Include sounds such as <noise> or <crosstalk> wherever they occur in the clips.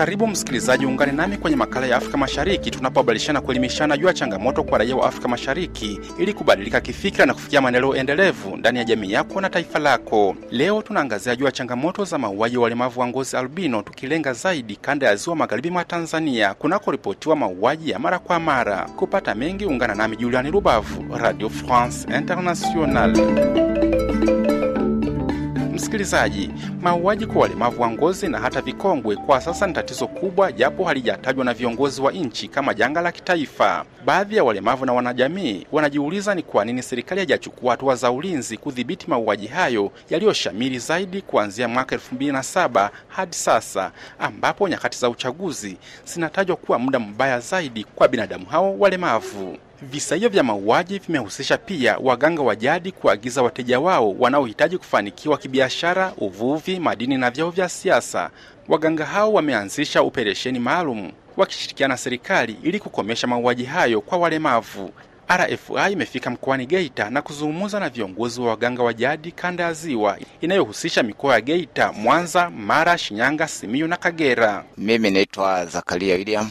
Karibu msikilizaji, ungane nami kwenye makala ya Afrika Mashariki tunapobadilishana kuelimishana juu ya changamoto kwa raia wa Afrika Mashariki ili kubadilika kifikira na kufikia maendeleo endelevu ndani ya jamii yako na taifa lako. Leo tunaangazia juu ya changamoto za mauaji wa walemavu wa ngozi albino, tukilenga zaidi kanda ya ziwa magharibi mwa Tanzania kunakoripotiwa mauaji ya mara kwa mara. Kupata mengi, ungana nami Juliani Rubavu, Radio France Internationale msikilizaji, mauaji kwa walemavu wa ngozi na hata vikongwe kwa sasa ni tatizo kubwa, japo halijatajwa na viongozi wa nchi kama janga la kitaifa. Baadhi ya walemavu na wanajamii wanajiuliza ni kwa nini serikali haijachukua hatua za ulinzi kudhibiti mauaji hayo yaliyoshamiri zaidi kuanzia mwaka elfu mbili na saba hadi sasa, ambapo nyakati za uchaguzi zinatajwa kuwa muda mbaya zaidi kwa binadamu hao walemavu. Visa hivyo vya mauaji vimehusisha pia waganga wa jadi kuagiza wateja wao wanaohitaji kufanikiwa kibiashara, uvuvi, madini na vyao vya siasa. Waganga hao wameanzisha operesheni maalum wakishirikiana na serikali ili kukomesha mauaji hayo kwa walemavu. RFI imefika mkoani Geita na kuzungumza na viongozi wa waganga wa jadi kanda ya Ziwa inayohusisha mikoa ya Geita, Mwanza, Mara, Shinyanga, Simiyu na Kagera. Mimi naitwa Zakaria William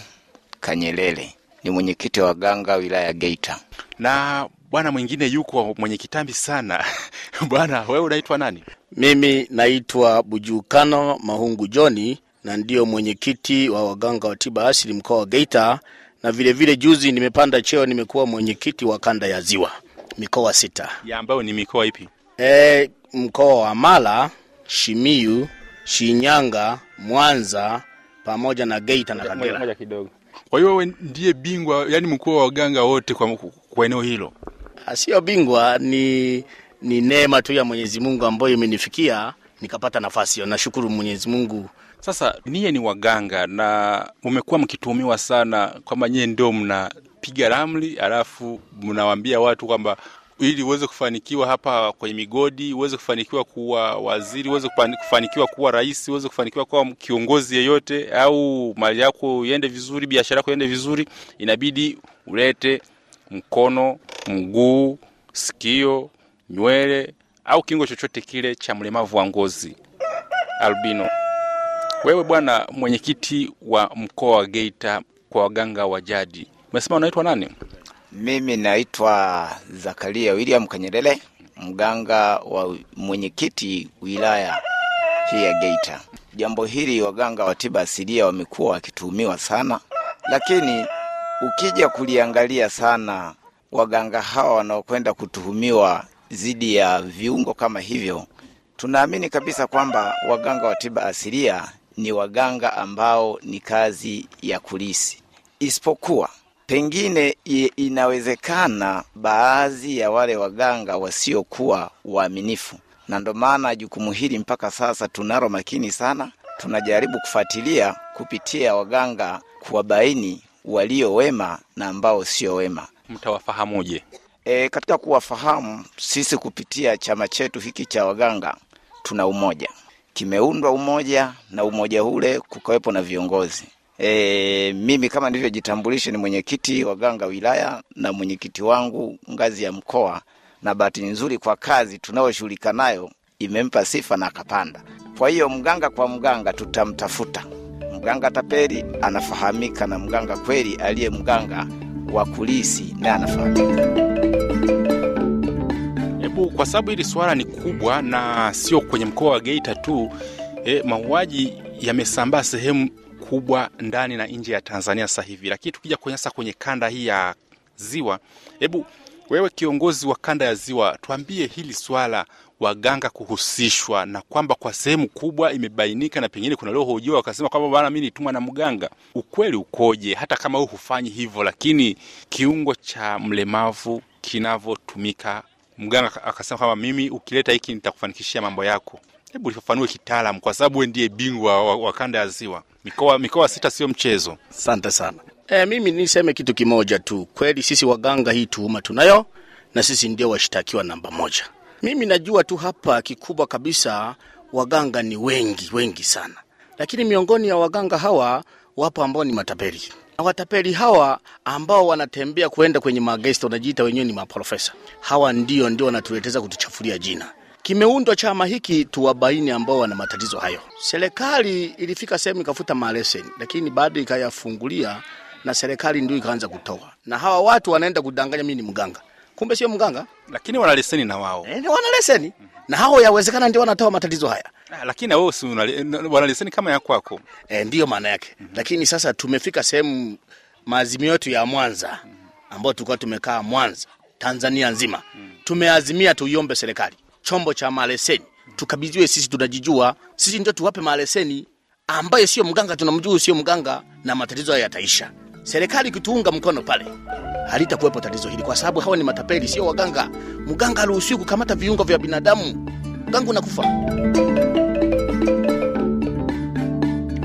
Kanyelele ni mwenyekiti wa waganga wilaya ya Geita. Na bwana mwingine yuko mwenye kitambi sana <laughs> bwana, wewe unaitwa nani? Mimi naitwa Bujukano Mahungu Joni na ndiyo mwenyekiti wa waganga wa tiba asili mkoa wa Geita, na vilevile vile juzi nimepanda cheo, nimekuwa mwenyekiti wa kanda ya Ziwa, mikoa sita. Ya ambayo ni mikoa ipi? E, mkoa wa Mara, Shimiyu, Shinyanga, Mwanza pamoja na Geita na Kagera. Moja kidogo kwa hiyo wewe ndiye bingwa, yani mkuu wa waganga wote kwa, kwa eneo hilo? Ah, sio bingwa, ni, ni neema tu ya Mwenyezi Mungu ambayo imenifikia nikapata nafasi hiyo. Nashukuru Mwenyezi Mungu. Sasa niye ni waganga na mmekuwa mkitumiwa sana kwamba nyie ndio mnapiga ramli, alafu mnawaambia watu kwamba ili uweze kufanikiwa hapa kwenye migodi, uweze kufanikiwa kuwa waziri, uweze kufanikiwa kuwa rais, uweze kufanikiwa kuwa kiongozi yeyote, au mali yako iende vizuri, biashara yako iende vizuri, inabidi ulete mkono, mguu, sikio, nywele au kingo chochote kile cha mlemavu wa ngozi albino. Wewe bwana mwenyekiti wa mkoa wa Geita kwa waganga wa jadi, umesema unaitwa nani? Mimi naitwa Zakaria William Kanyerele, mganga wa mwenyekiti wilaya hii ya Geita. Jambo hili waganga wa tiba asilia wamekuwa wakituhumiwa sana, lakini ukija kuliangalia sana, waganga hawa wanaokwenda kutuhumiwa dhidi ya viungo kama hivyo, tunaamini kabisa kwamba waganga wa tiba asilia ni waganga ambao ni kazi ya kulisi, isipokuwa Pengine inawezekana baadhi ya wale waganga wasiokuwa waaminifu, na ndo maana jukumu hili mpaka sasa tunalo makini sana. Tunajaribu kufuatilia kupitia waganga kuwabaini walio wema na ambao sio wema. Mtawafahamuje? E, katika kuwafahamu sisi kupitia chama chetu hiki cha waganga tuna umoja, kimeundwa umoja, na umoja ule kukawepo na viongozi E, mimi kama nilivyojitambulisha ni mwenyekiti wa ganga wilaya na mwenyekiti wangu ngazi ya mkoa, na bahati nzuri kwa kazi tunayoshughulika nayo imempa sifa na akapanda. Kwa hiyo mganga kwa mganga tutamtafuta mganga tapeli, anafahamika na mganga kweli aliye mganga wa kulisi naye anafahamika. Hebu kwa sababu hili swala ni kubwa na sio kwenye mkoa wa Geita tu. E, mauaji yamesambaa sehemu kubwa ndani na nje ya Tanzania sasa hivi. Lakini tukija kwenye sasa kwenye kanda hii ya Ziwa, hebu wewe kiongozi wa kanda ya Ziwa, tuambie hili swala waganga kuhusishwa na kwamba kwa sehemu kubwa imebainika, na pengine kuna leo hujua wakasema kwamba bwana, mimi nitumwa na mganga. Ukweli ukoje? Hata kama wewe hufanyi hivyo, lakini kiungo cha mlemavu kinavyotumika, mganga akasema kwamba mimi ukileta hiki nitakufanikishia mambo yako. Hebu lifafanue kitaalam, kwa sababu wewe ndiye bingwa wa, wa kanda ya ziwa. Mikoa mikoa sita sio mchezo. Asante sana. E, mimi niseme kitu kimoja tu, kweli sisi waganga hii tuhuma tunayo, na sisi ndio washtakiwa namba moja. Mimi najua tu hapa kikubwa kabisa, waganga ni wengi wengi sana, lakini miongoni ya waganga hawa wapo ambao ni mataperi na wataperi hawa ambao wanatembea kuenda kwenye magesta, wanajiita wenyewe ni maprofesa. Hawa ndio ndio wanatuleteza kutuchafulia jina kimeundwa chama hiki tuwabaini ambao wana matatizo hayo. Serikali ilifika sehemu ikafuta maleseni, lakini bado ikayafungulia na serikali ndio ikaanza kutoa, na hawa watu wanaenda kudanganya mimi ni mganga, kumbe sio mganga, lakini wana leseni na wao e, wana leseni mm -hmm. na hao yawezekana ndio wanatoa matatizo haya na, ah, lakini wao si wana leseni kama ya kwako e, ndio maana yake mm -hmm. lakini sasa tumefika sehemu maazimio yetu ya Mwanza mm -hmm. ambayo tulikuwa tumekaa Mwanza Tanzania nzima mm -hmm. tumeazimia tuiombe serikali chombo cha maleseni tukabidhiwe sisi, tunajijua sisi, ndio tuwape maleseni. ambayo sio mganga, tunamjua sio mganga, na matatizo hayo yataisha. Serikali ikituunga mkono pale, halitakuwepo tatizo hili, kwa sababu hawa ni matapeli, sio waganga. Mganga aruhusiwi kukamata viungo vya binadamu, mganga unakufa.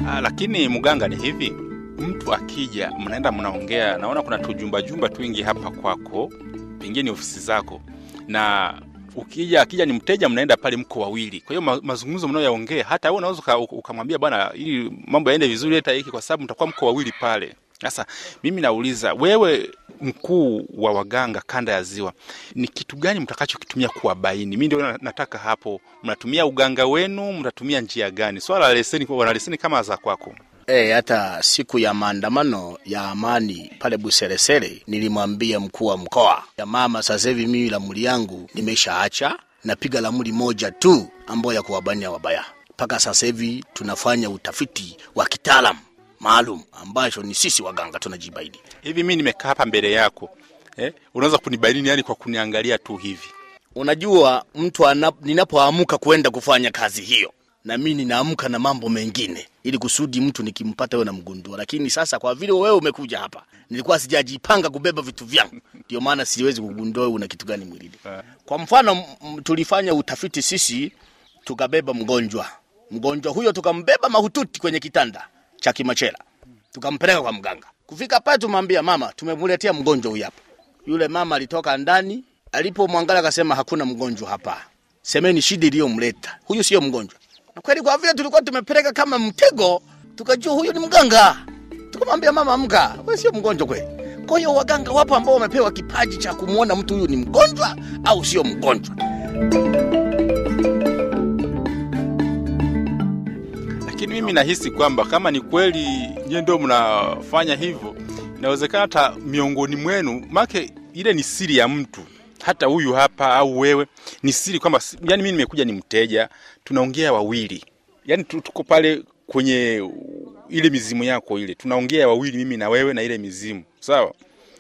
Ah, lakini mganga ni hivi, mtu akija, mnaenda mnaongea, naona kuna tujumbajumba twingi hapa kwako, pengine ofisi zako na ukija akija ni mteja, mnaenda pale, mko wawili. Kwa hiyo mazungumzo mnayoyaongea, hata wewe unaweza ukamwambia bwana, ili mambo yaende vizuri, hata hiki, kwa sababu mtakuwa mko wawili pale. Sasa mimi nauliza wewe, mkuu wa waganga kanda ya Ziwa, ni kitu gani mtakachokitumia kuwabaini? Mimi ndio nataka hapo. Mnatumia uganga wenu, mnatumia njia gani? Swala la leseni, wana leseni kama za kwako E, hata siku ya maandamano ya amani pale Buseresere nilimwambia mkuu wa mkoa ya mama, sasa hivi mimi lamuli yangu nimeshaacha, napiga lamuli moja tu ambayo ya kuwabania wabaya. Mpaka sasa hivi tunafanya utafiti wa kitaalamu maalum ambacho ni sisi waganga tunajibaini. Hivi mimi nimekaa hapa mbele yako eh, unaweza kunibaini yani kwa kuniangalia tu hivi? Unajua mtu ninapoamka kuenda kufanya kazi hiyo na mi ninaamka na mambo mengine, ili kusudi mtu nikimpata wewe namgundua. Lakini sasa kwa vile wewe umekuja hapa, nilikuwa sijajipanga kubeba vitu vyangu, ndio maana siwezi kugundua una kitu gani mwilini. Eh. Kwa mfano, tulifanya utafiti sisi, tukabeba mgonjwa. Mgonjwa huyo tukambeba mahututi kwenye kitanda cha Kimachela, tukampeleka kwa mganga. Kufika pale, tumwambia mama, tumemletea mgonjwa huyu hapa. Yule mama alitoka ndani, alipomwangala akasema, hakuna mgonjwa hapa, semeni shida iliyomleta huyu, sio mgonjwa. Na kweli kwa vile tulikuwa tumepeleka kama mtego, tukajua huyu ni mganga. Tukamwambia mama, amka, wewe sio mgonjwa kweli. Kwa hiyo waganga wapo ambao wamepewa kipaji cha kumwona mtu huyu ni mgonjwa au sio mgonjwa. Lakini mimi nahisi kwamba kama ni kweli nyie ndio mnafanya hivyo, inawezekana hata miongoni mwenu, make ile ni siri ya mtu hata huyu hapa au wewe, ni siri kwamba yani mimi nimekuja ni mteja, tunaongea wawili, yani tuko pale kwenye ile mizimu yako ile, tunaongea wawili, mimi na wewe na ile mizimu, sawa.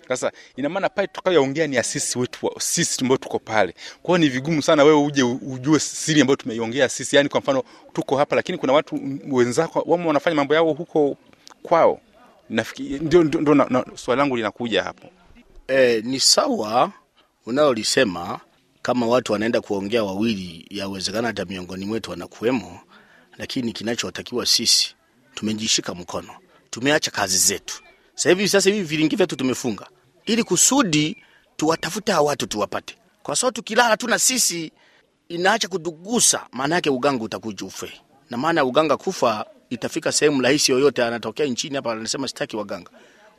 Sasa ina maana pale tutakayoongea ni asisi wetu sisi ambao tuko pale. kwao ni vigumu sana wewe uje ujue siri ambayo tumeiongea sisi. yani kwa mfano tuko hapa lakini kuna watu wenzako wao wanafanya mambo yao huko kwao. Nafikiri ndio ndio swali langu linakuja hapo. Eh, ni sawa unalolisema kama watu wanaenda kuongea wawili, yawezekana hata miongoni mwetu wanakuwemo, lakini kinachotakiwa sisi, tumejishika mkono, tumeacha kazi zetu. Sasa hivi sasa hivi viringi vyetu tumefunga, ili kusudi tuwatafute hawa watu tuwapate, kwa sababu tukilala tu na sisi inaacha kutugusa, maana yake uganga utakuja ufe, na maana ya uganga kufa itafika sehemu rahisi, yoyote anatokea nchini hapa anasema sitaki waganga,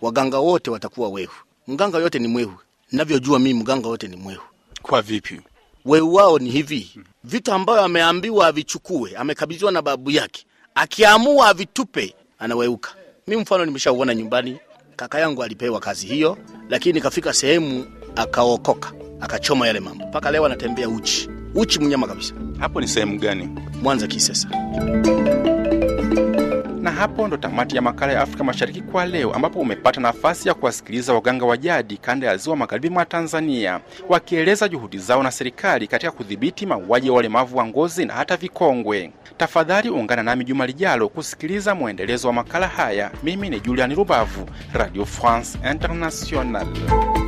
waganga wote watakuwa wehu, mganga yote ni mwehu navyojua mimi mganga wote ni mwehu. Kwa vipi? Wehu wao ni hivi, vitu ambayo ameambiwa avichukue, amekabidhiwa na babu yake, akiamua avitupe anaweuka. Mi mfano nimeshauona nyumbani, kaka yangu alipewa kazi hiyo, lakini kafika sehemu akaokoka, akachoma yale mambo, mpaka leo anatembea uchi uchi, mnyama kabisa. Hapo ni sehemu gani? Mwanza, Kisesa hapo ndo tamati ya makala ya Afrika Mashariki kwa leo, ambapo umepata nafasi ya kuwasikiliza waganga wa jadi kanda ya ziwa magharibi mwa Tanzania wakieleza juhudi zao na serikali katika kudhibiti mauaji ya walemavu wa ngozi na hata vikongwe. Tafadhali ungana nami juma lijalo kusikiliza mwendelezo wa makala haya. Mimi ni Julian Rubavu, Radio France International.